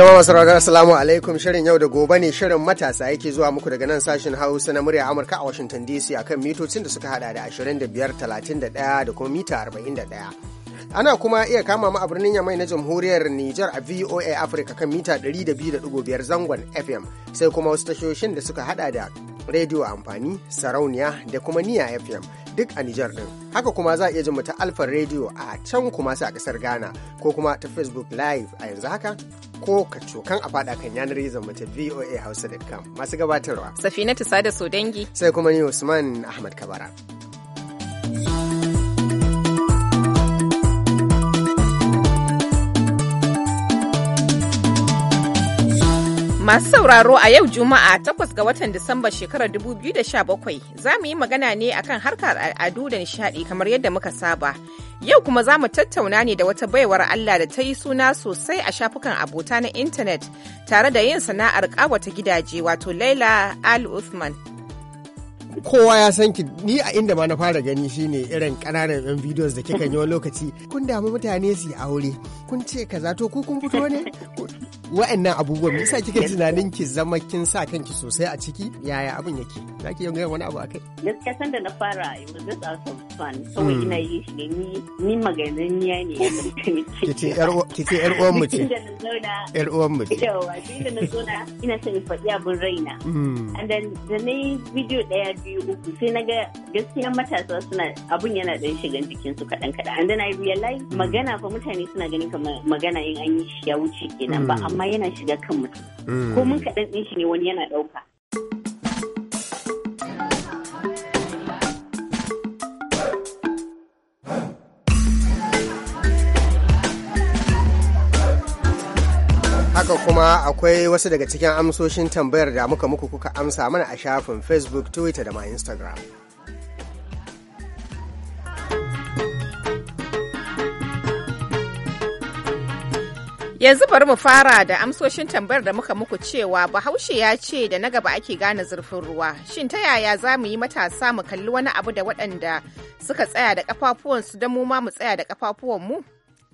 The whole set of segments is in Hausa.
Jama'a masu rarra assalamu alaikum shirin yau da gobe ne shirin matasa yake zuwa muku daga nan sashen Hausa na murya Amurka a Washington DC akan mitocin da suka hada da 25, 31 da kuma mita 41. ana kuma iya kama mu a birnin yamai na jamhuriyar Nijar a VOA Africa kan mita 200.5 zangon FM sai kuma wasu tashoshin da suka hada da rediyo amfani sarauniya da kuma niya FM duk a Nijar ɗin, Haka kuma za a iya jin mu ta Alfa Radio a can kuma su a ƙasar Ghana ko kuma ta Facebook Live a yanzu haka ko ka cokan a faɗa kan yanar gizon mu ta VOA voahausa.com masu gabatarwa. Safinatu Sada dangi. Sai kuma ni Usman Ahmad Kabara. Masu sauraro a yau Juma'a takwas ga watan Disamba shekarar 2017 za mu yi magana ne akan harkar al'adu da nishadi kamar yadda muka saba. Yau kuma za mu tattauna ne da wata baiwar Allah da ta yi suna sosai a shafukan abota na intanet tare da yin sana'ar ƙawata gidaje wato Laila Al usman. kowa ya san ki ni a inda ma na fara gani shine irin kananan yan videos da kika yi wani lokaci kun damu mutane su yi aure kun ce kaza to ku kun fito ne wa'annan abubuwan me yasa kika tunanin ki zama kin sa kanki sosai a ciki yaya abin yake za yau ga wani abu akai gaskiya sanda na fara yanzu was just fan of hmm. ina yi shi ne ni ni ya ne kice yar kice yar uwan mu ce yar uwan mu ce ina son in faɗi abin raina hmm. and then da na video daya biyu uku sai na ga gaskiya matasa suna abun yana dan shigan jikin su kadan kadan and then i realize magana fa mutane suna ganin kamar magana yin an yi shi ya wuce kenan ba hmm. amma amma yana shiga kan mutum hmm. ko mun kaɗan ɗin shi ne wani yana ɗauka haka kuma akwai wasu daga cikin amsoshin tambayar da muka muku kuka amsa mana a shafin facebook twitter da ma instagram Yanzu bari mu fara da amsoshin tambayar da muka muku cewa Bahaushe ya ce da na gaba ake gane zurfin ruwa. Shin ta yaya za mu yi matasa mu kalli wani abu da waɗanda suka tsaya da kafafuwansu don mu ma mu tsaya da mu?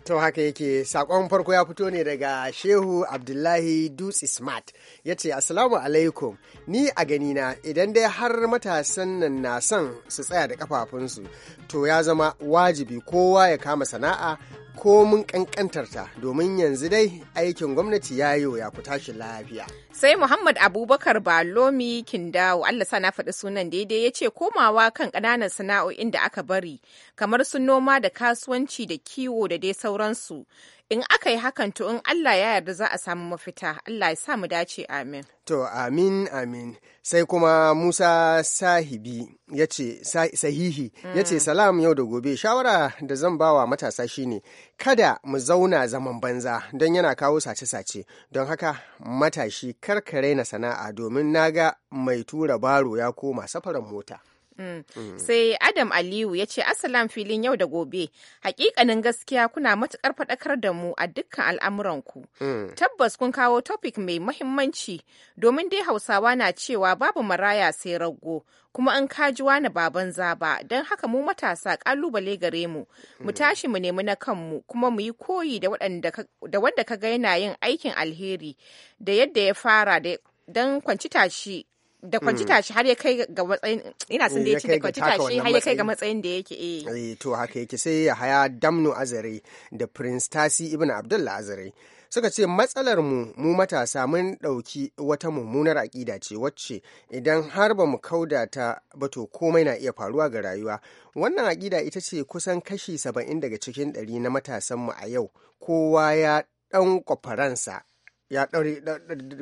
To haka yake sakon farko ya fito ne daga Shehu Abdullahi Dutse Smart ya ce Assalamu alaikum ni a ganina idan dai har matasan nan na son su tsaya da kafafunsu to ya zama wajibi kowa ya kama sana'a Ko mun kankantarta domin yanzu dai aikin gwamnati ya yi ya ku tashi lafiya. Sai Muhammad Abubakar Balomi Kindawo Allah sana faɗi sunan daidai ya ce komawa kan ƙananan sana'o'in da aka bari kamar su noma da kasuwanci da kiwo da dai sauransu in aka yi hakan to in Allah ya yarda za a samu mafita Allah ya sa mu dace amin to amin amin sai kuma Musa sahibi ya sahihi ya ce mm. salam yau da gobe shawara da zan bawa matasa shine kada mu zauna zaman banza don yana kawo sace-sace don haka matashi karkare na sana'a domin naga mai tura baro ya koma safaran mota Mm. Mm. Sai Adam Aliyu ya ce Asalam filin yau da gobe, hakikanin gaskiya kuna matukar faɗakar da mu a dukkan al'amuranku. Mm. Tabbas kun kawo topic mai mahimmanci domin dai Hausawa na cewa babu maraya sai raggo kuma an kaji wani baban zaba don haka mu matasa ƙalubale gare mu mu tashi mu nemi na kanmu kuma mu yi koyi da wanda ka ga yana yin aikin alheri da yadda ya fara don kwanci tashi da kwantita mm. shi har ya kai ga matsayin ina da yake ce da kwantita shi har ya kai ga matsayin da yake eh. eh to haka yake sai ya haya damnu azare da prince tasi ibn abdullah azare suka ce matsalar mu mu matasa mun ɗauki wata mummunar aƙida ce wacce idan har ba mu kauda ta ba to komai na iya faruwa ga rayuwa wannan aƙida ita ce kusan kashi saba'in daga cikin ɗari na matasan mu a yau kowa ya ɗan kwafaransa ya ɗaure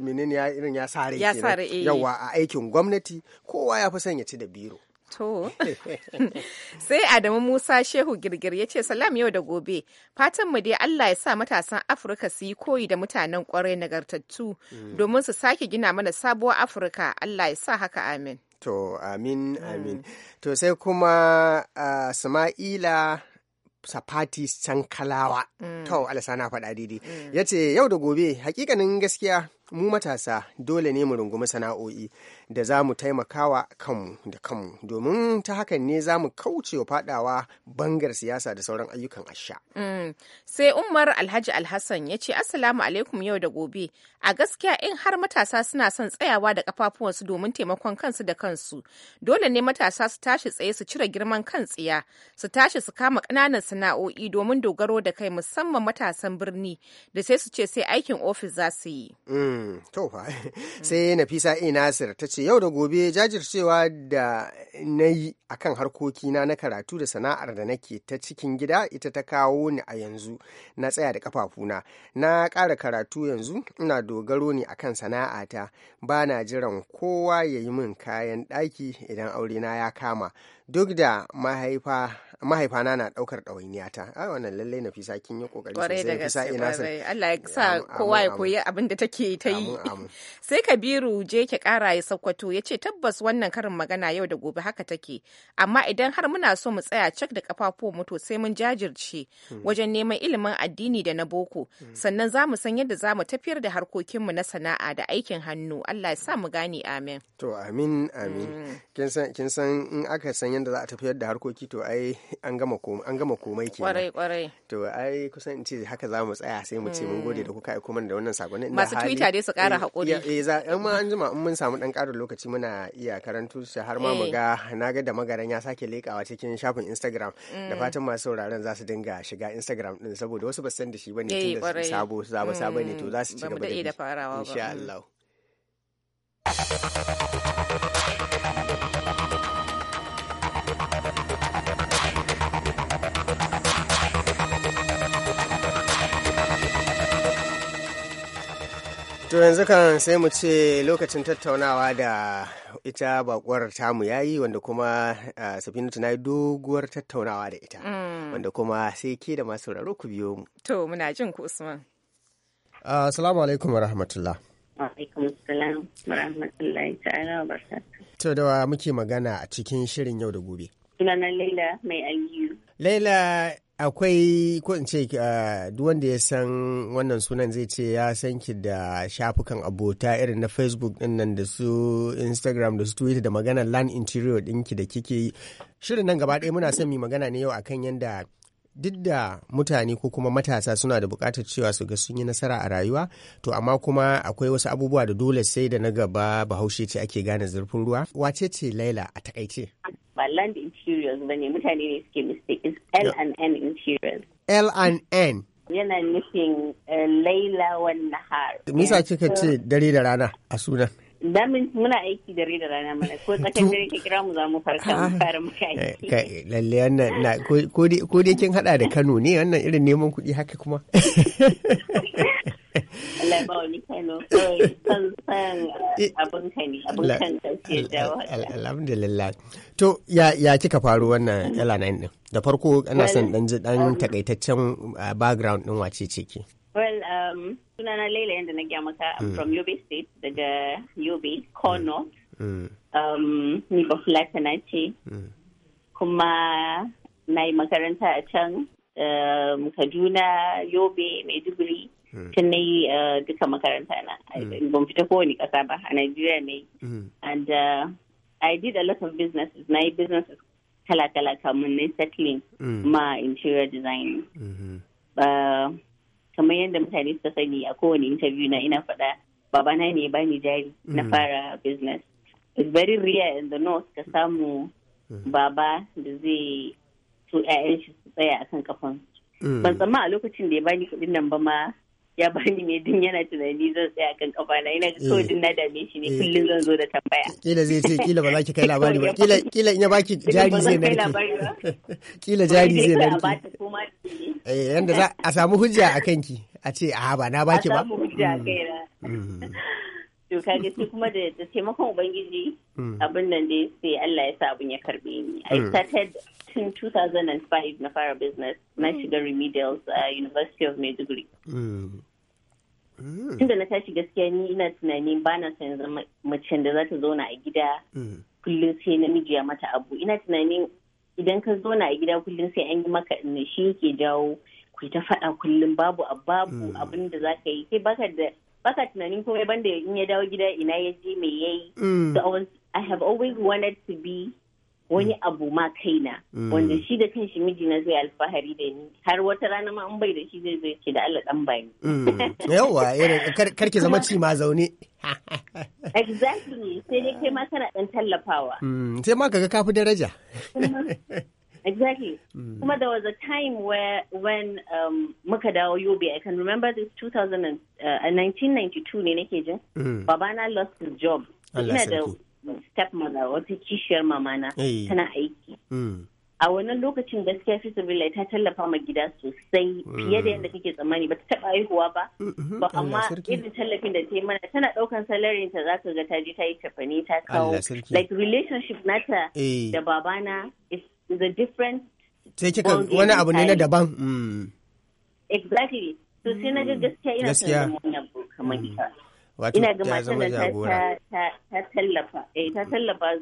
menene ya irin ya sare ya sare eh. yawa a aikin gwamnati kowa ya fi son ya ci da biro To, sai Adamu Musa Shehu Girgir ya ce, Salam yau da gobe, fatan mu dai Allah ya sa matasan Afirka su yi koyi da mutanen kwarai nagartattu mm. domin su sake gina mana sabuwar Afirka, Allah ya sa haka amin. To, amin, mm. amin. To, sai kuma ah, Sama'ila Sapatis Sankalawa. Mm. To, Alisa na faɗa daidai. Mm. Ya ce, yau da gobe, hakikanin gaskiya mu matasa dole ne mu rungumi sana'o'i. da za mu taimakawa kanmu da kanmu domin ta hakan ne za mu kauce wa fadawa bangar siyasa da sauran ayyukan asha. Mm. Sai Umar Alhaji Alhassan ya ce Assalamu alaikum yau da gobe. A gaskiya in har matasa suna son tsayawa da kafafuwansu domin taimakon kansu da kansu. Dole ne matasa su tashi tsaye su cire girman kan tsiya, su tashi su kama ƙananan sana'o'i domin dogaro da kai musamman matasan birni da sai su ce sai aikin ofis za su yi. Mm. sai Nafisa Inasir ta ce yau da gobe jajircewa da na yi a kan harkokina na karatu da sana'ar da nake ta cikin gida ita ta kawo ni a yanzu na tsaya da kafafuna na ƙara karatu yanzu ina dogaro ne akan sana'ata ba na jiran kowa ya yi min kayan ɗaki idan aurena ya kama duk da mahaifa mahaifana na daukar ɗawainiyata a wannan lallai na fisa kin yi kokari sosai da fisa ina sai Allah ya sa kowa ya koyi abin da take ta yi sai Kabiru je ke kara ya sakwato ya ce tabbas wannan karin magana yau da gobe haka take amma idan har muna so mu tsaya cak da kafafu mu sai mun jajirce hmm. wajen neman ilimin addini da na boko hmm. sannan za mu san yadda za mu tafiyar da harkokin mu na sana'a da aikin hannu Allah ya sa mu gane amin to amin amin hmm. kin san in aka san yadda za a tafiyar da harkoki to ai an gama komai ke kwarai kwarai to ai kusan in ce haka za mu tsaya sai mu ce mun gode hmm. da kuka aiko mana da wannan sakonin masu twitter dai su kara eh, hakuri eh, eh za an ma an jima in mun samu dan karin lokaci muna iya karantu su har ma mu eh. ga na ga da magaran ya sake lekawa cikin shafin instagram da hmm. fatan masu sauraron za su dinga shiga instagram din saboda wasu ba san da shi bane tun da sabo sabo ne to za su ci hmm. gaba da insha Allah To yanzu kan sai mu ce lokacin tattaunawa da ita bakuwar tamu ya yi wanda kuma uh, tana na yi doguwar tattaunawa da ita mm. wanda kuma sai ke da masu sauraro ku biyo mu. To muna jin ku Usman. Assalamu alaikum wa rahmatullah. Wa alaikum salam wa rahmatullahi ta'ala wa barakatuh. To muke magana a cikin shirin yau da gobe. Sunana Laila mai ayyu. Laila akwai ko in ce ah, duk wanda ya san wannan sunan zai ce ya san ki da shafukan abota irin na facebook din nan da su instagram da su twitter da magana land interior dinki da kike yi shirin nan gaba ɗaya muna son mu magana ne yau akan yanda. duk da mutane ko kuma matasa suna da bukatar cewa su ga sun yi nasara a rayuwa to amma kuma akwai wasu abubuwa da dole sai da na gaba bahaushe ce ake gane zurfin ruwa wace ce laila a takaice ba land interiors ba ne mutane l and n interiors l yana nufin eh, laila wan nahar me kika ce dare da rana a sunan muna aiki dare da rana mana ko tsakan dare ka kira mu za mu farka mu ah. fara muka eh, aiki. Lalle wannan na ko dai kin hada da Kano ne wannan irin neman kuɗi haka kuma. ka Alhamdulillah. To ya ya kika faru wannan mm. L9 din? Da farko ana son dan dan um, takaitaccen uh, background din wace ce ke? Well, um, Sunana Leila and Nagiamaka, I'm mm. from UB State, the UB, Core mm. North, mm. um, Nibofla Kanachi, mm. kuma na yi makaranta a can, um, Kaduna, Yobe, Maiduguri, can na yi duka makaranta na. Ban fita kowane ƙasa ba, a Nigeria mm. ne. And uh, I did a lot of businesses, na yi businesses kala-kala kamun na settling mm. ma interior design. Mm-hmm. Uh, kamar yadda mutane suka sani a kowane interview na ina faɗa babana ne ba ni jari na mm. fara business it's very rare in the north ka samu mm. baba da zai so 'ya'yan shi su tsaya akan kafan mm. ban tsamma a lokacin da ya bani kuɗin nan ba ma ya bani ne din yana tunani zan tsaya kan kafa na ina so eh. din na dame shi ne eh. kullum zan zo da tambaya kila zai ce kila ba za ki kai labari ba kila kila in ya baki jari zai narke kila jari zai narke ba ta koma Eh, yanda za a samu hujja a kanki a ce a ba na baki ba a samu hujja a mm. sai kuma da taimakon ubangiji mm. abin nan dai sai Allah ya sa abin ya karbe ni i mm. started tun 2005 na fara business na shiga remedials a University of Maiduguri tunda na tashi gaskiya ni ina tunanin ba na san zama macen da za ta zauna a gida kullum sai namiji ya mata abu ina tunanin idan ka zauna a gida kullum sai an yi maka ina shi ke jawo ku ta faɗa kullum babu babu hmm. abin da za ka yi sai baka da baka tunanin komai banda in ya dawo gida ina ya je me yayi hmm. so I have always wanted to be wani abu ma kaina mm. wanda shi da miji mijina zai alfahari da ni har wata rana ma an bai da shi zai zai ce da Allah dan bani mm. yawa karki zama ci ma zaune exactly sai dai kai ma kana dan tallafawa mm, sai ma kaga kafi daraja mm-hmm. Exactly. Kuma there was a time where when um, muka dawo Yobe, I can remember this 2000 uh, 1992 ne nake jin. Babana lost his job. Allah sarki. stepmother wata kishiyar mamana tana aiki mm. a wannan lokacin gaskiya fi sabila ta tallafa ma gida sosai fiye da yadda kake tsammani ba ta taba haihuwa ba mm-hmm. ba amma irin tallafin da ta yi mana tana ɗaukan salarin ta za ka ga ta je ta yi tafani ta kawo like relationship nata da babana is a different sai kika wani abu ne na daban mm. exactly So sai na ga mm. gaskiya ina son zama wani abu kamar ita wato ina ga matan ta ta tallafa eh ta tallafa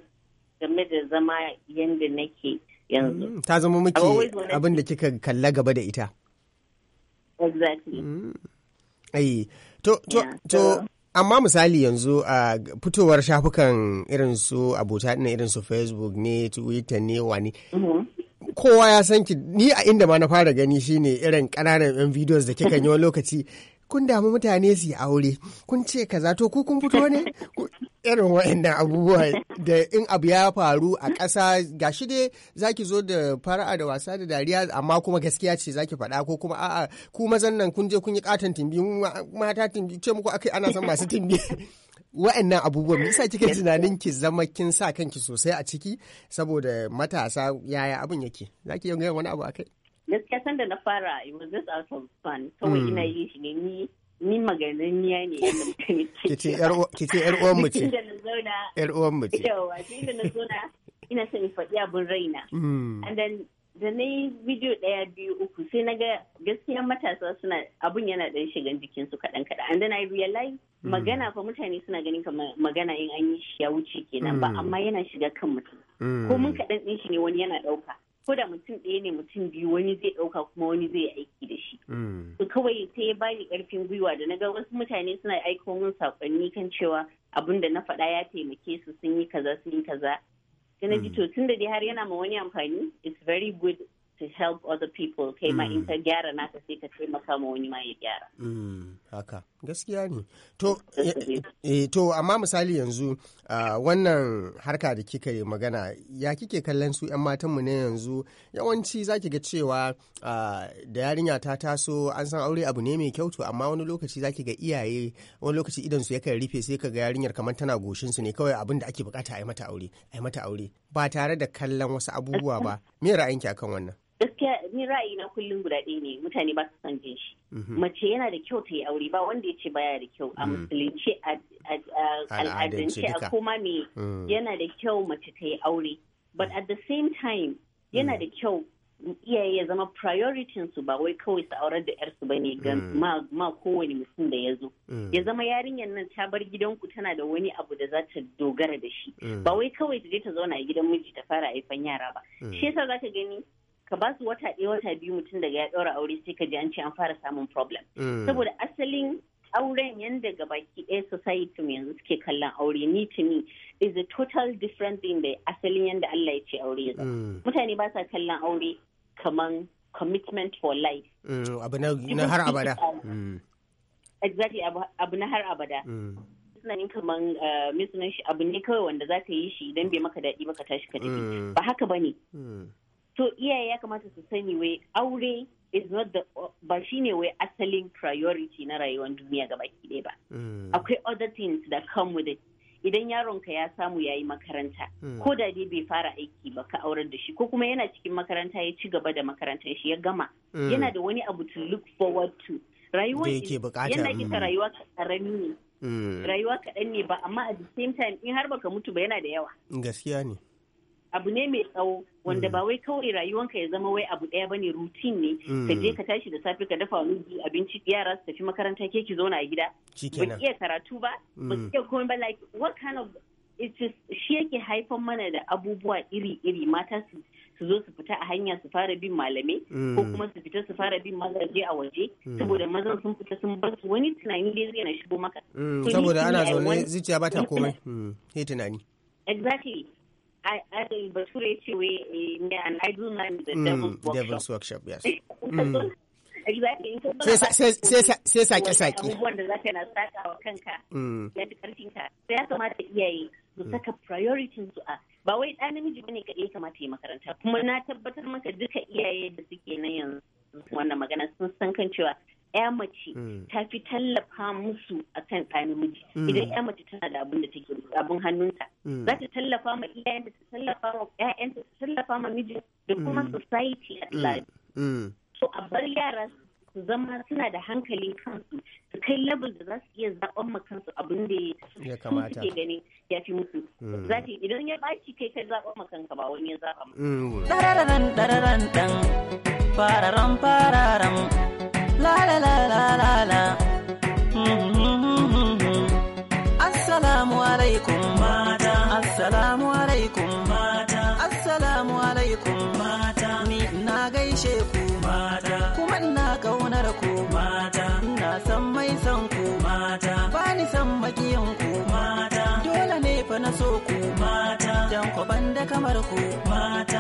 game da zama yanda nake yanzu mm, ta zama muke abin da kika kalla gaba da ita exactly mm. ai to to to amma misali yanzu a fitowar shafukan irin su abota ina irin su facebook ne twitter ne wani mm-hmm. kowa ya san ki ni a inda ma na fara gani shine irin ƙananan yan videos da kika yi wani lokaci kun damu mutane su yi aure kun ce kaza to ku kun fito ne irin waɗannan abubuwa da in abu ya faru a ƙasa Ga shi dai ki zo da fara'a da wasa da dariya amma kuma gaskiya ce za ki faɗa ko kuma a'a ku mazan nan kun je kun yi katon timbi mata timbi ce muku akai ana son masu timbi wa'annan abubuwan me yasa kike tunanin ki zama kin sa kanki sosai a ciki saboda matasa yaya abin yake ki yi wani abu akai gaskiya sanda na fara it was just out of fun kawai hmm. ina yi shi ne ni ni niya ne ki ce yar uwan mu ce yar uwan mu ce yawa da na zauna ina son faɗi abun raina hmm. and then da na yi bidiyo ɗaya biyu uku sai na ga gaskiya matasa suna abun yana ɗan shigan jikinsu kaɗan kaɗan and then I realize hmm. magana fa mutane suna ganin kamar magana in an yi shi ya wuce kenan ba amma yana shiga kan mutum ko mun kaɗan ɗin shi ne wani yana ɗauka ko da mutum ɗaya ne mutum biyu wani zai ɗauka kuma wani zai aiki da shi. Mm. To kawai sai ya bani ƙarfin gwiwa da na ga wasu mutane suna aiko min saƙonni kan cewa abin da na faɗa ya taimake su sun yi kaza sun yi kaza. Sai na ji mm. to tun da dai har yana ma wani amfani it's very good to help other people kai ma in mm. ka gyara naka sai ka taimaka ma wani ma ya gyara. Haka. gaskiya ne to e, to amma misali yanzu wannan harka da kika yi magana ya kike kallon su 'yan matanmu ne yanzu yawanci za ki ga cewa da yarinya ta taso an san aure abu ne mai kyau to amma wani lokaci za ki ga iyaye wani lokaci idan su ya kai rufe sai ka ga yarinyar kamar tana goshin su ne kawai abin da ake bukata a yi mata aure a mata aure ba tare da kallon wasu abubuwa ba me ra'ayinki akan wannan gaskiya ni ra'ayi na kullum guda ɗaya ne mutane ba su son jin shi Mm-hmm. mace yana da kyau ta yi aure ba wanda ya ce baya da kyau a mm. musulunci al'adance a koma me mm. yana da kyau mace ta yi aure but at the same time yana mm. da kyau iyaye ya zama priority su ba wai kawai su aurar da yarsu ne ga ma kowane mutum da ya zo ya zama yarinyar nan ta bar gidanku tana da wani abu da za ta dogara da shi ba wai kawai ta je ta zauna a gidan miji ta fara haifan yara ba shi yasa ka gani ka ba su wata ɗaya wata biyu mutum daga ya ɗaura aure sai ka ji an ce an fara samun problem eh. saboda asalin auren yanda gabaki ɗaya society yanzu suke kallon aure ni to me is a total different thing da asalin yadda Allah ya ce aure ya eh. mutane ba sa kallon aure kaman commitment for life eh, um, hmm. abu na har abada exactly abu na har abada suna tunanin kaman misunan shi abu ne kawai wanda za ka yi shi idan bai maka daɗi maka tashi ka tafi hmm. ba haka ba ne hmm. to iyaye ya kamata su sani wai aure is not the ba shine wai asalin priority na rayuwar duniya gaba ɗaya ba mm. akwai other things that come with it idan yaronka ya samu ya yi makaranta mm. ko da dai bai fara aiki ba ka aurar da shi ko kuma yana cikin makaranta ya ci gaba da makarantar shi ya gama mm. yana da wani abu to look forward to rayuwa yana kika rayuwa karami ne rayuwa kaɗan ne ba amma at the same time in har baka mutu ba yana da yawa gaskiya ne abu ne mai tsawo wanda mm. ba wai kawai rayuwanka ya zama wai abu ɗaya bane rutin ne mm. ka je ka tashi da safe ka dafa wani abinci yara su tafi makaranta ke ki zauna a gida ba ki iya karatu ba ba ki mm. iya komai ba like what kind of it is shi yake haifan mana da abubuwa iri-iri mata su su zo su fita a hanya su fara bin malamai ko kuma su fita su fara bin mazaje a waje saboda mazan sun fita sun bar su wani tunani dai zai na shigo maka saboda ana zaune zuciya ba ta komai sai tunani exactly adal bature ce wai me an idol man the devil's workshop. Devil's workshop, yes. Sai sake-sake. Abubuwan da za ka na saka wa kanka, ya fi karfinka. Sai ya kamata iyaye su saka prioritin su a ba wai ɗan namiji bane kaɗai kamata ya makaranta. Kuma na tabbatar maka duka iyaye da suke nan yanzu wannan magana sun san kan cewa ya mace mm. ta fi tallafa musu akan ta namiji mm. idan ya mace tana da abin da take abin hannunta mm. za ta tallafa ma iyayenta ta tallafa ma ya'yanta ta tallafa ma miji da kuma society at large so a bar yara su zama suna da hankali kansu su kai level da za su iya zaɓen ma kansu abin da ya kamata ke gani ya fi musu za ta idan ya ɓaci kai ka zaɓen ma kanka ba wani ya zaɓa ma. Dararan dararan dan fararan fararan La la la la la la. Assalamu alaikum mata. Assalamu alaikum mata. Assalamu alaikum mata. Ni na gaishe ku mata. Kuma ina kaunar ku mata. Ina san mai san ku mata. bani ni san makiyan ku mata. Dole ne fa na so ku mata. Dan ku banda kamar ku mata.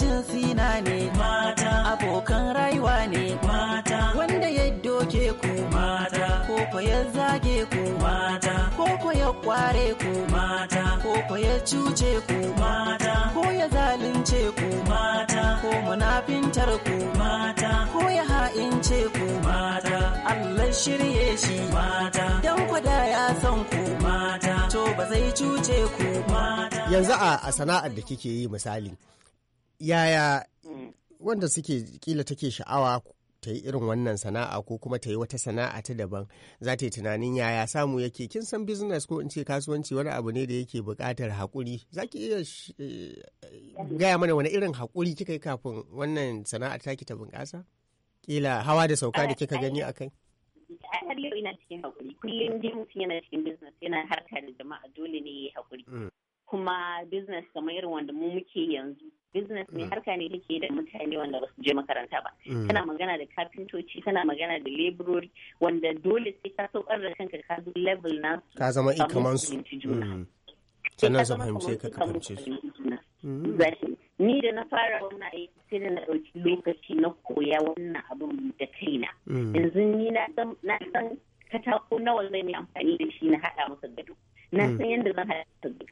jinsi na ne mata abokan rayuwa ne mata wanda ya doke ku mata ko ya zage ku mata ko ya kware ku mata ko ya cuce ku mata ko ya zalunce ku mata ko munafintar ku mata ko ya ha'ince ku mata Allah shirye shi mata dan kwada ya san ku mata to ba zai cuce ku mata yanzu a sana'ar da kike yi misali yaya mm. wanda suke kila take sha'awa ta yi irin wannan sana'a ko kuma ta yi wata sana'a ta daban za ta yi tunanin yaya samu yake kin san business ko in ce kasuwanci wani abu ne da yake buƙatar haƙuri za ki iya eh, gaya mana wani irin haƙuri kika yi kafin wannan sana'a ta ki ta bunƙasa kila hawa da sauka da kika gani a kai har ina cikin haƙuri kullum dai mutum yana cikin business yana harka da jama'a dole ne ya haƙuri mm. kuma business kamar irin wanda mu muke yanzu business ne mm. harka ne yake da mutane wanda basu je makaranta ba mm. kana magana da kafintoci kana magana da laborori wanda dole sai ka saukar da kanka ka zo level na ka zama ikaman su mm. sannan su fahimce ka fahimce su ni da na fara wannan aiki sai da na ɗauki lokaci na koya wannan abin da kaina yanzu ni na san katako nawa zai yi amfani da shi na haɗa masa gado na san yadda zan haɗa masa gado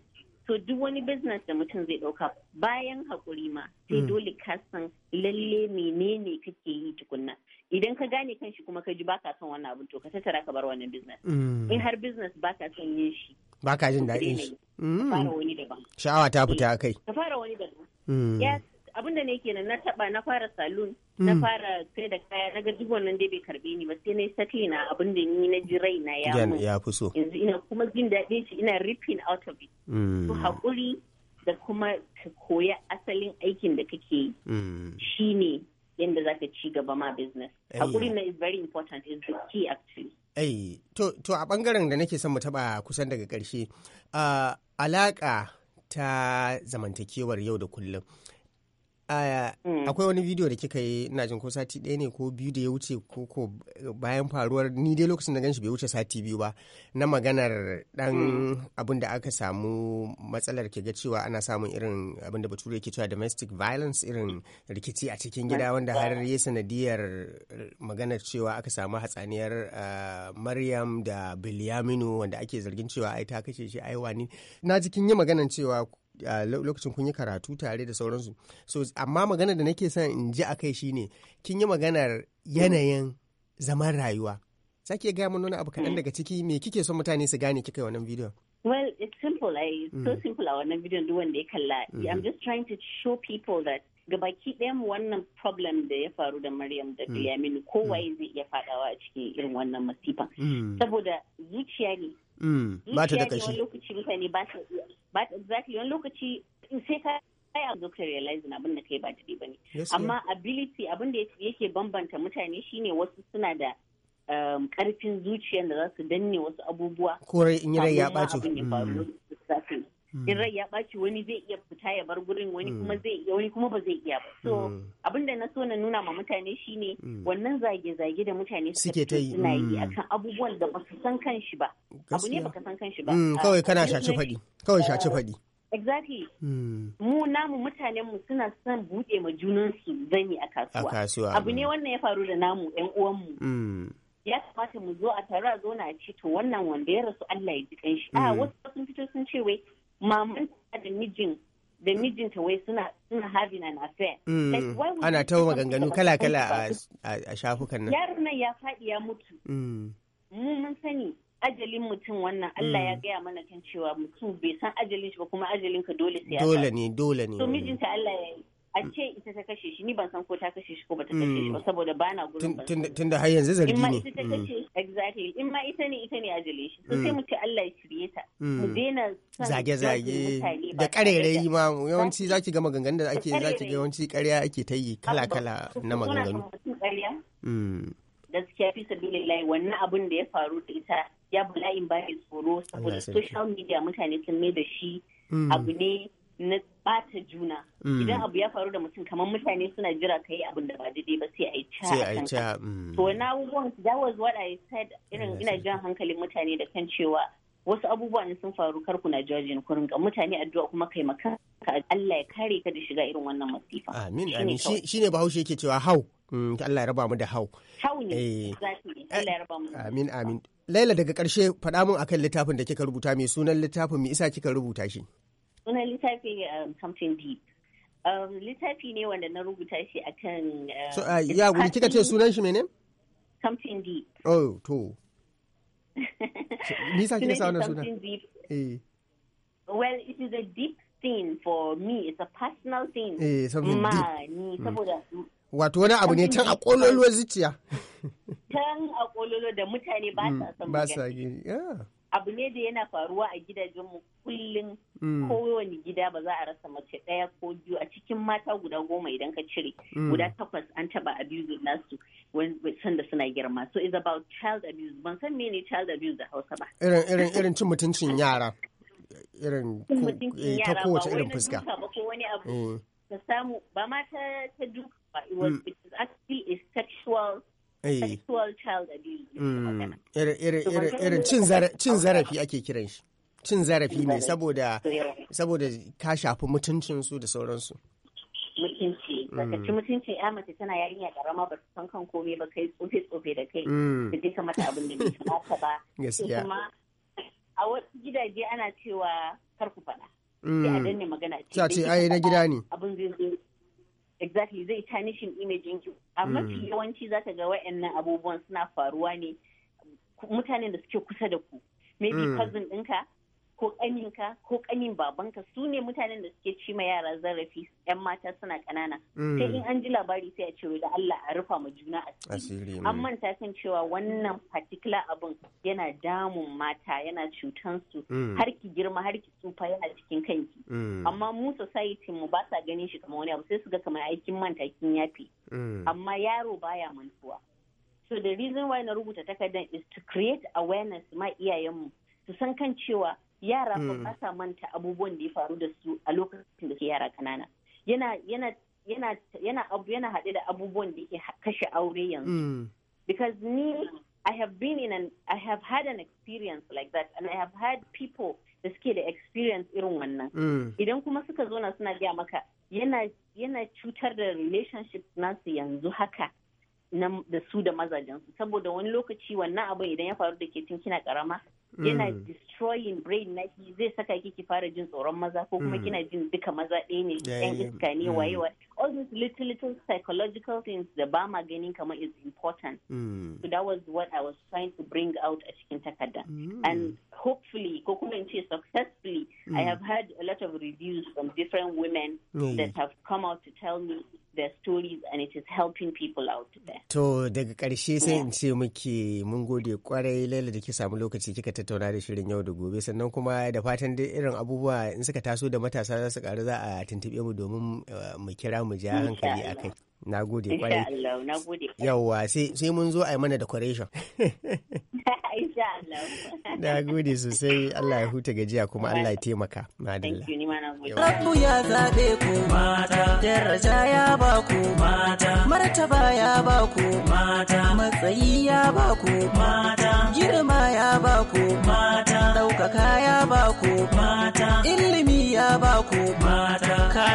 so duk wani business da mutum zai ɗauka bayan haƙuri ma sai hmm. dole ka san lalle menene kake yi tukunna idan ka gane kan shi kuma ka ji baka son wannan abin to ka tattara ka bar wannan business hmm. in har business baka son yin shi baka jin daɗin shi ka fara hmm. wani daban sha'awa ta fita eh, kai ka fara wani daban yes abin da ne ke na taba na fara salon na mm. fara sai da kaya na gaji wannan dai bai karbe ni ba sai na sake na abin da ni na ji raina ya mu ya fi so yanzu ina kuma jin daɗin shi ina ripping out of it to mm. hakuri da kuma ka koya asalin aikin da kake yi mm. shine yadda za ka ci gaba ma business hakuri na is very important is the key actually Ai, to, a ɓangaren da nake son mu taɓa kusan daga ƙarshe, uh, alaƙa ta zamantakewar yau da kullum. Hmm. akwai wani bidiyo da kika yi na jin ko sati ɗaya ne ko biyu da ya wuce ko ko bayan faruwar ni dai lokacin da ganshi bai wuce sati biyu ba na maganar ɗan hmm. abin da aka samu matsalar ke ga cewa ana samun irin abin da bature ke cewa domestic violence irin rikici a cikin gida wanda har ya sanadiyar maganar cewa aka samu hatsaniyar Maryam da Bilyaminu wanda ake zargin cewa ai ta kace shi ai wani na jikin yi maganar cewa a lokacin kun yi karatu tare da sauransu so amma magana da nake son in ji akai shine kin yi maganar yanayin zaman rayuwa zaki gaya mun wani abu kaɗan daga ciki me kike son mutane su gane kika yi wannan bidiyon well it's simple i eh? it's mm. so simple a wannan bidiyon duk wanda ya kalla mm-hmm. i'm just trying to show people that gabaki ɗayan wannan problem da ya faru da Maryam da Bilaminu mm. kowaye mm. zai iya fadawa a cikin irin wannan masifa. Mm. Saboda zuciya ne. Mata da kashi. Zuciya ne lokaci mutane ba iya. but exactly wani lokaci sai ka sai a zo ka realize abin da kai ba daidai ba ne amma ability abin da yake bambanta mutane shine wasu suna da karfin um, zuciya da za su danne wasu abubuwa kore in yi ya ɓaci in mm. rai ya ɓaci wani zai iya fita ya bar gurin wani mm. kuma zai iya wani kuma ba zai iya ba so mm. abin da na so na nuna ma mutane shine wannan zage-zage da mutane suke ta yi suna yi akan abubuwan da ba su san kan shi ba abu ne baka san kan shi ba ah, kawai kana shaci fadi. kawai shaci fadi. exactly mu namu mutanen mu suna son buɗe ma junan su zani a kasuwa abu ne wannan ya faru da namu yan uwan mu ya kamata mu zo a tare a zo na ce to wannan wanda ya rasu Allah ya ji kanshi a ah, wasu sun fito sun ce wai maman da mijin da mijinta wai suna suna having an affair. Mm. Ana ta maganganu kala-kala a shafukan nan. Yaron nan ya faɗi ya mutu. Mm. Mu mun sani ajalin mutum wannan Allah ya mm. gaya mana kan cewa mutum bai san ajalin shi ba kuma ajalin ka dole sai ya Dole ne dole ne. To mijinta Allah ya a ce ita ta kashe shi ni ban san ko ta kashe shi ko bata kashe shi ba hmm. saboda bana gurin ban tunda har yanzu zargi ne in ma ita ta hmm. kashe exactly in ma ita ne ita ne jale shi sai hmm. mu ce Allah ya shirye ta mu daina zage zage da karerai ma yawanci zaki ga maganganun da ake zaki ga yawanci ƙarya ake ta yi kala kala na maganganu gaskiya fi sabilillahi wannan abun da ya faru da ita ya bala'in ba tsoro saboda social media mutane sun mai da shi abu ne na bata juna mm. idan abu ya faru da mutum kamar mutane suna jira ka yi abin da ba daidai ba sai a yi ca a kanka mm. to na abubuwan that was what I said irin ina jan hankalin mutane da kan cewa wasu abubuwan sun faru kar na jajin ku rinka mutane addu'a kuma kai maka Allah ya kare ka da shiga irin wannan masifa amin amin shine bahaushe yake cewa hau mm, Allah ya raba mu da hau hau ne eh. Eh, Allah ya raba mu amin amin Laila daga ƙarshe faɗa mun akan littafin da kika rubuta mai sunan littafin mai isa kika rubuta shi suna littafi um, something deep um, littafi ne wanda na rubuta shi akan um, so uh, ya wuri kika ce sunan shi mene something deep oh to nisa kika sa wannan sunan eh well it is a deep thing for me it's a personal thing eh something ma ni mm. saboda wato wani abu ne can a kololuwar zuciya can a kololo da mutane ba sa mm, son ba sa gani yeah abu ne da yana faruwa a gidajenmu kullum mm. kowane gida ba za a rasa mace ɗaya ko biyu a cikin mata guda goma idan ka cire mm. guda takwas an taba abuse nasu sanda suna girma so it's about child abuse ban san mene child abuse da hausa ba irin irin irin cin mutuncin yara irin eh, ta kowace irin fuska mm. ka samu ba mata ta duka ba it was actually a sexual sexual child abuse irin cin zarafi ake kiran shi cin zarafi ne saboda ka shafi mutuncinsu da sauransu mutunci baka mm. ci mutunci ya mace tana yarinya karama ba su san kan komai ba kai tsofe tsofe da kai da mm. duka mata abin da bai kamata ba gaskiya kuma a wasu gidaje ana cewa kar ku faɗa sai a mm. danne magana ce ai na gida ne abin zai zo exactly zai tanishin imajin ki a hmm. mafi yawanci za ta ga wayannan abubuwan suna faruwa ne mutanen da suke kusa da ku maybe hmm. cousin ɗinka ko ƙaninka ko kanin babanka su ne mutanen da suke cima yara zarafi yan mata suna kanana mm. sai in an ji labari sai a ce da Allah a rufa ma juna asiri an manta kan cewa wannan particular abin yana damun mata yana cutan su mm. har ki girma har ki tsufa yana cikin kanki mm. amma mu society mu ba sa ganin shi kamar wani abu sai su ga kamar aikin manta kin yafi amma yaro baya mantuwa So the reason why na rubuta takardar is to create awareness ma iyayenmu su san kan cewa yara mm. ba sa manta abubuwan da ya faru da su a lokacin da su yara kanana yana yana abu yana haɗe da abubuwan da ke kashe aure yanzu mm. because ni I have been in an I have had an experience like that and I have had people da suke da experience irin wannan mm. idan kuma suka zo na suna gaya maka yana cutar da relationship nasu yanzu haka da su da mazajensu saboda wani lokaci wannan abin idan ya faru da ke tun kina karama yana mm. destroying brain na shi zai saka ki ki fara jin tsoron maza ko kuma mm. kina jin duka maza ɗaya ne yan iska ne mm. waye all these little little psychological things da ba ma ganin kamar is important so that was what I was trying to bring out a cikin takarda and hopefully ko kuma in ce successfully I have had a lot of reviews from different women that have come out to tell me their stories and it is helping people out there. To daga ƙarshe sai in ce muke mun gode kwarai Laila da ki samu lokaci kika tattauna da shirin yau da gobe sannan kuma da fatan duk irin abubuwa in suka taso da matasa za su ƙaru za a tuntuɓe mu domin eh, mu kira mu ja hankali akai. Na gode kwarai. Insha na gode. Yawwa, sai mun zo a yi mana decoration. Insha Na gode sosai, Allah ya huta gajiya kuma Allah ya taimaka. Madalla. Thank ya zaɓe ku mata, daraja ya ba ku mata, martaba ya ba ku mata, matsayi ya ba ku mata, girma ya ba ku mata, ɗaukaka ya ba ku mata, ilimi ya ba ku mata.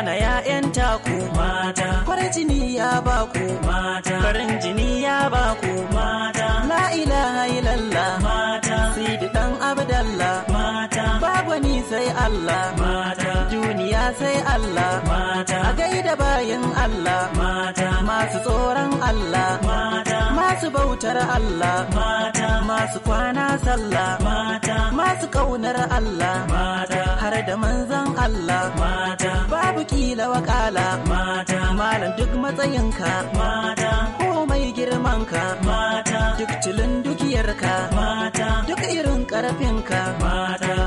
hana 'ya'yanta ku mata farin jini ya ba ku mata farin jini ya ba ku mata la ilaha illallah mata sidi dan abdallah mata babu ni sai Allah mata sai Allah mata a gaida bayin Allah mata masu tsoron Allah mata masu bautar Allah mata masu kwana sallah mata masu kaunar Allah mata har da manzan Allah mata babu kila wakala mata malam duk matsayinka mata komai girmanka mata duk cilin dukiyarka mata duk irin karfinka mata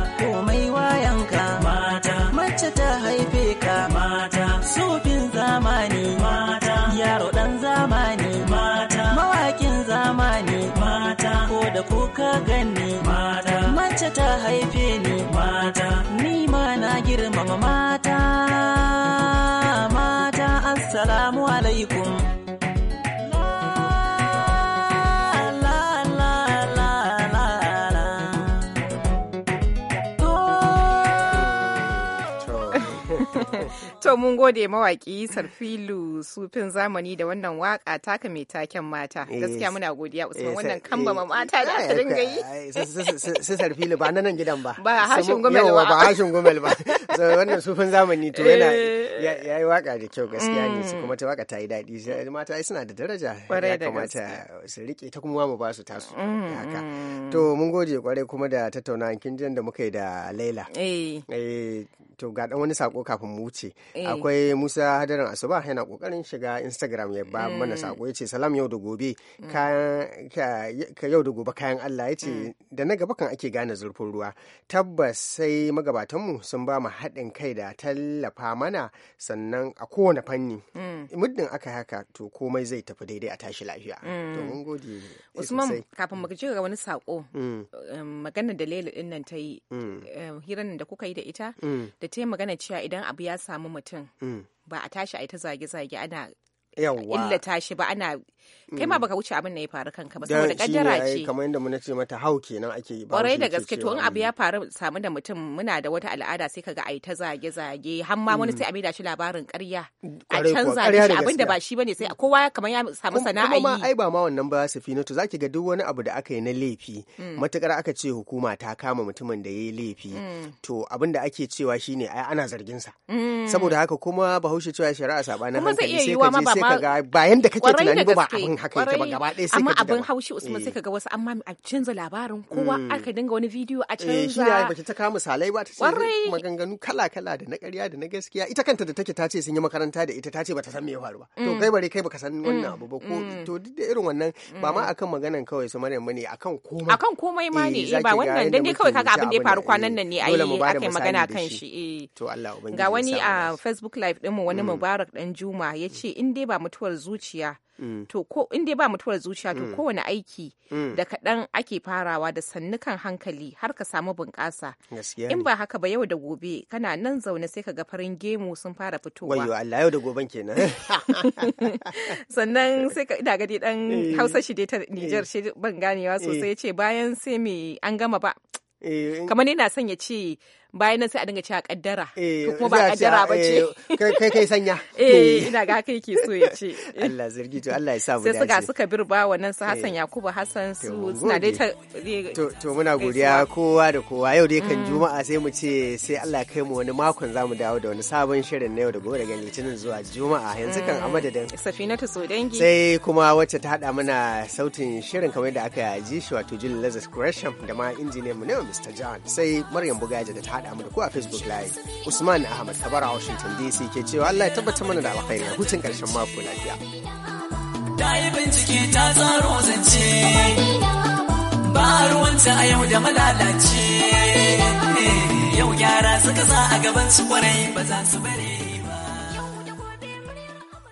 mace ta haife ni mata ni ma na girmama mata mata assalamu alaikum yau mun gode mawaki Sarfilu sufin zamani da wannan waka taka mai taken mata. Eh, gaskiya muna godiya Usman eh, wannan kambama eh, mata da ta dinga yi. Sai Sarfilu ba nan gidan ba. Ba hashin gumel ba. Ba hashin gumel ba. Wannan sufin zamani to yana ya yi waka da kyau gaskiya ne su mm. kuma ta waka ta yi daɗi. Mata suna da daraja. Ya kamata su rike ta kuma mu ba su tasu. Mm, haka. Mm. To mun gode kwarai kuma da tattaunawa kin da muka yi da Laila. Eh. To ga dan wani sako kafin mu wuce. Eh. akwai musa hadarin asuba yana kokarin shiga instagram ya ba eh. mana sako yace salam yau da gobe mm. kayan yau da gobe kayan allah yace mm. da na gaba kan ake gane zurfin ruwa tabbas sai magabatanmu sun ba mu haɗin kai da tallafa mana sannan a kowane fanni mm. muddin aka haka to komai zai tafi daidai a tashi lafiya to mun gode usman kafin mu ga wani sako maganar da lela din nan ta yi hirar da kuka yi da ita da ta yi magana cewa idan abu ya samu mutum mutum ba a tashi a ta zage-zage ana illata shi ba ana kai ma mm. baka wuce abin da ya faru kanka ba saboda kaddara ce kamar yadda muna ce mata hau kenan ake ba kwarai da gaske to in abu ya faru samu da mutum muna da wata al'ada sai kaga ai ta zage zage har ma wani mm. sai a maida shi labarin ƙarya a canza shi abin da ba shi bane sai kowa kamar ya samu sana'a kuma ai ba ma wannan ba su fina to zaki ga duk wani abu da aka yi na laifi mm. matukar aka ce hukuma ta kama mutumin da yayi laifi to abin da ake cewa shine ai ana zargin sa saboda haka kuma bahaushe cewa shari'a sabanin hankali sai ka ga ba yanda kake tunani ba ba abin haka yake ba gaba ɗaya sai amma abin haushi Usman sai eh. kaga wasu amma a canza labarin kowa mm. aka dinga wani bidiyo a eh, canza shi da bace ta kama misalai ba ta ce maganganu kala kala da na ƙarya da na gaskiya ita kanta da take ta ce sun yi makaranta da ita ta ce bata san me ya faru ba to mm. kai bare kai baka san mm. wannan abu ba ko to duk da irin wannan ba ma akan maganan kawai su Maryam ne akan komai akan komai ma ne eh, ba wannan dan dai kawai kaga abin da ya faru kwanan nan ne ai akai magana kan shi to Allah ubangiji ga wani a Facebook live din mu wani Mubarak dan Juma yace in dai ba mutuwar zuciya Mm. to ko in dai ba mutuwar zuciya to mm. kowane aiki mm. da kaɗan ake farawa da sannukan hankali har ka samu bunƙasa in ba haka ba yau da gobe kana nan zaune sai ka ga farin gemu sun fara fitowa wayo Allah yau da goben kenan sannan sai ka ina dai dan eh. Hausa shi dai ta Niger eh. shi ban ganewa sosai eh. yace bayan sai me an gama ba kamar yana son ya ce bayan nan sai a dinga cewa kaddara eh, to kuma ba kaddara ba ce eh, kai kai sanya eh, eh ina ga kai ke so ya ce Allah zargi to Allah ya sa mu dace sai suka suka birba wannan su Hassan Yakubu Hassan su suna dai ta to to muna godiya kowa da kowa yau dai kan mm. juma'a sai mu ce sai Allah kai mu wani makon zamu dawo da wani sabon shirin na yau da gobe daga litinin zuwa juma'a yanzu kan a mm. madadin safinatu sodangi sai kuma wacce ta hada mana sautin shirin kamar da aka ji shi wato Jill Lazarus Gresham da ma injiniyan mu ne Mr. John sai Maryam Bugaji da ta haɗa mu da ku a Facebook Live. Usman Ahmad Kabara Washington DC ke cewa Allah ya tabbatar mana da alkhairi a hutun ƙarshen mako lafiya. Ta yi bincike ta tsaro zance, ba ruwanta a yau da malalace. Eh, yau gyara suka sa a gaban su kwarai ba za su bari.